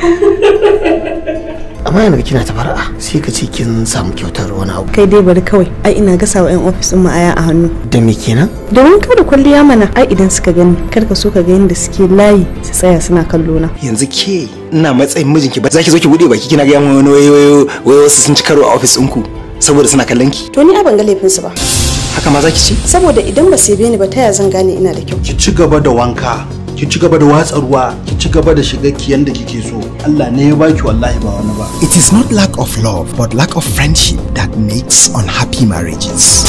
amma yana kina ta fara'a sai ka ce kin samu kyautar wani abu kai dai bari kawai ai ina gasa wa yan ofis din ma'aya a hannu da me kenan domin kawai da kwalliya mana ai idan suka gani kar ka so ka ga yanda suke layi su tsaya suna kallo na yanzu ke ina matsayin mijinki ba zaki zo ki bude baki kina ga yan wani wayo wasu sun ci karo a ofis ɗinku saboda suna kallon ki to ni a ban ga laifin su ba haka ma zaki ci saboda idan ba sai ni ba ta ya zan gane ina da kyau ki ci gaba da wanka ki ci gaba da watsa ruwa ki ci gaba da shiga ki yanda kike so Allah ne ya baki wallahi ba wani ba it is not lack of love but lack of friendship that makes unhappy marriages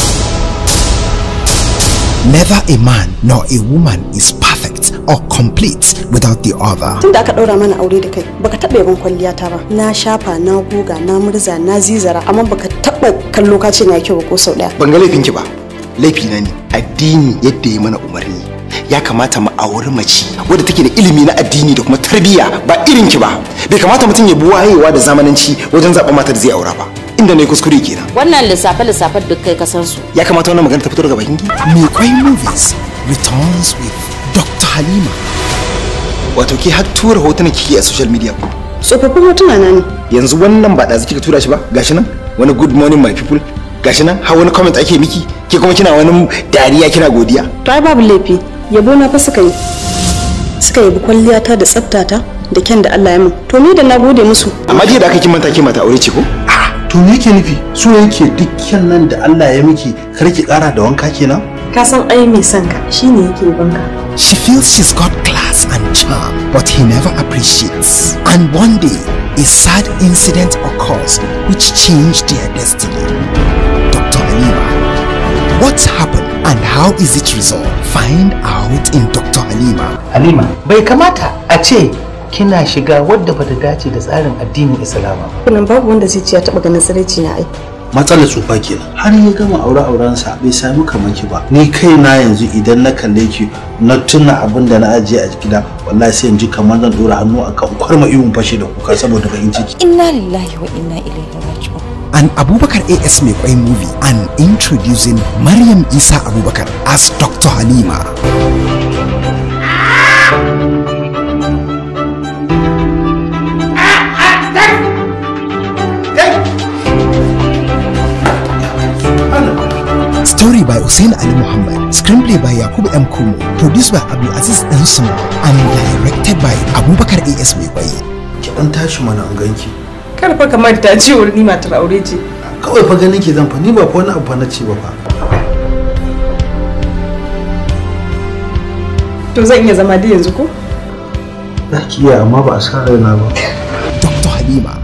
never a man nor a woman is perfect or complete without the other. Tun da aka ɗaura mana aure da kai, baka taba yaban kwalliyata ba. Na shafa, na goga, na murza, na zizara, amma baka taba kallo ka ce na kyau ba ko sau ɗaya. Ban ga laifin ki ba, laifi na ne. Addini yadda ya mana umarni ya kamata mu auri mace wadda take da ilimi na addini da kuma tarbiyya ba irin ki ba bai kamata mutum ya bi wayewa da zamananci wajen zaɓen matar zai aura ba inda ne kuskure kenan wannan lissafe lissafa duk kai kasan su ya kamata wannan magana ta fito daga bakin ki me kwai movies returns with Dr. Halima wato ke har tura hotunan kike a social media ko tsofaffin hotuna na ne yanzu wannan ba ɗazu kika tura shi ba gashi nan wani good morning my people gashi nan har wani comment ake miki ke kuma kina wani dariya kina godiya to ai babu laifi yabo na fa suka yi suka yabi kwalliyata da tsaftata da kyan da Allah ya min to ni da na gode musu amma jiya da aka kin manta ke mata aure ce ko to me yake nufi so yake duk kyan nan da Allah ya miki kar ki kara da wanka kenan ka san ai mai son ka shine yake banka she feels she's got class and charm but he never appreciates and one day a sad incident occurs which changed their destiny dr Amira, what's happened and how is it resolved? Find out in Dr. Halima. Halima, bai kamata a ce kina shiga wadda bata dace da tsarin addinin ba Kunan babu wanda zai ce ya taɓa ganin sarki na aiki. matsalar tsufa kenan har ya gama aure aurensa bai sami kamar ki ba ni kai na yanzu idan na kalle ki na tuna abin da na ajiye a gida wallahi sai in ji kamar zan dora hannu a kan kwarma iwon fashe da kuka saboda bakin ciki inna lillahi wa inna ilaihi raji'un an abubakar as mai kwai movie an introducing maryam isa abubakar as dr halima by Hussein Ali Muhammad, screenplay by yakub M. Kumo, produced by Abdulaziz Nsuma, and directed by Abubakar A.S. Mekwayi. Ki dan tashi mana an ganki. Kar fa ka manta cewa ni matar aure ce. Kawai fa ganin ke zan fa ni ba fa wani abu fa na ce ba fa. To zan iya zama da yanzu ko? Na iya amma ba a sa raina ba. Dr. Halima